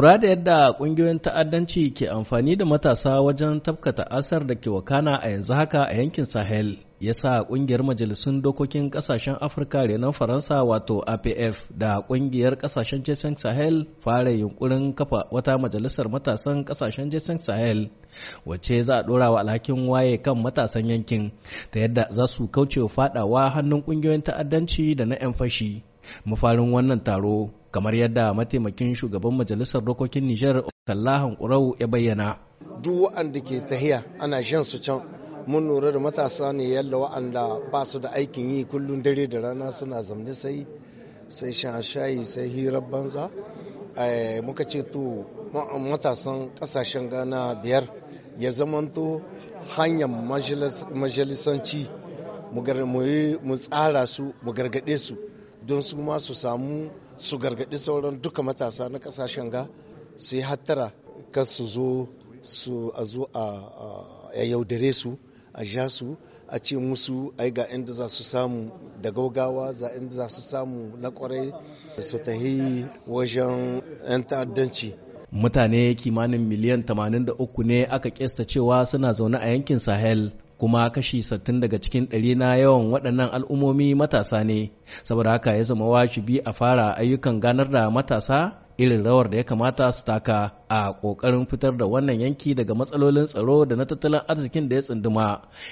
Lura da yadda kungiyoyin ta'addanci ke amfani da matasa wajen tafkata asar da ke wakana a yanzu haka a yankin Sahel ya sa ƙungiyar majalisun dokokin kasashen Afirka renon Faransa wato APF da ƙungiyar ƙasashen Jason Sahel fara yunkurin kafa wata majalisar matasan ƙasashen Jason Sahel wacce za a ɗora wa alhakin waye kan matasan yankin ta yadda za su kaucewa faɗawa hannun ƙungiyoyin ta'addanci da na 'yan fashi. Mafarin wannan taro kamar yadda mataimakin shugaban majalisar dokokin Nijar Tallahan Kurau ya bayyana. Duk waɗanda ke tahiya ana shan su can mun lura da matasa ne yalla waɗanda ba su da aikin yi kullum dare da rana suna zamne sai sai shan shayi sai hirar banza eh, muka ce to matasan ƙasashen Ghana biyar ya zamanto hanyar majalisanci mu tsara su mu gargaɗe su don su ma su samu su gargaɗi sauran duka matasa na ƙasashen ga su yi hattara kan su zo su a zo a yaudare su a ja su a ce musu ai ga inda za su samu da gaugawa za inda za su samu na kwarai su yi wajen 'yan ta'addanci mutane kimanin miliyan 83 ne aka kesta cewa suna zaune a yankin sahel kuma kashi 60 daga cikin ɗari na yawan waɗannan al'ummomi matasa ne saboda haka ya zama wajibi a fara ayyukan ganar da matasa irin rawar da ya kamata su taka a ƙoƙarin fitar da wannan yanki daga matsalolin tsaro da na tattalin arzikin da ya tsunduma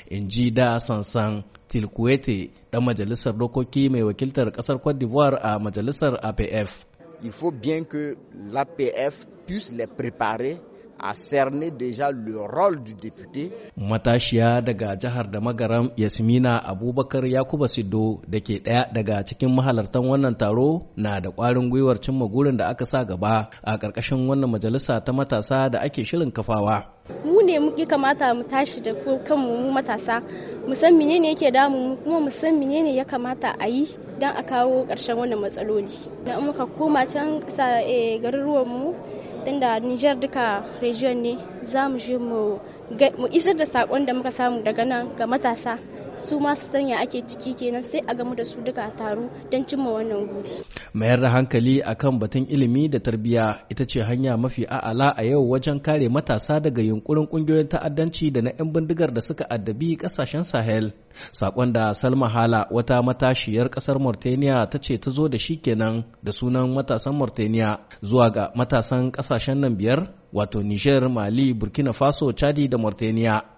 in ji da sansan tilkuwete ɗan majalisar dokoki mai wakiltar ƙasar cote d'ivoire a majalisar apf il faut bien que l'apf puisse les préparer a cerner déjà le rôle du député. Matashiya daga jihar da magaram Yasmina Abubakar Yakuba sido da ke ɗaya daga cikin mahalartan wannan taro na da kwarin gwiwar cimma gurin da aka sa gaba a ƙarƙashin wannan majalisa ta matasa da ake shirin kafawa. Mu ne muke kamata mu tashi da kanmu mu matasa mu san menene yake damu mu kuma mu san menene ya kamata a yi don a kawo ƙarshen wannan matsaloli. Na muka koma can eh, garuruwanmu tunda Nijar duka region ne za mu je mu isar da sakon da muka samu daga nan ga matasa su ma su sanya ake ciki kenan sai a gamu da su duka a taro don cimma wannan guri. Mayar da hankali akan batun ilimi da tarbiyya ita ce hanya mafi a'ala a yau wajen kare matasa daga yunkurin kungiyoyin ta'addanci da na 'yan bindigar da suka addabi kasashen Sahel. Sakon da Salma Hala wata matashiyar kasar Mauritania ta ce ta zo da shi kenan da sunan matasan Mauritania zuwa ga matasan kasashen nan biyar wato Niger, Mali, Burkina Faso, Chadi da Mauritania.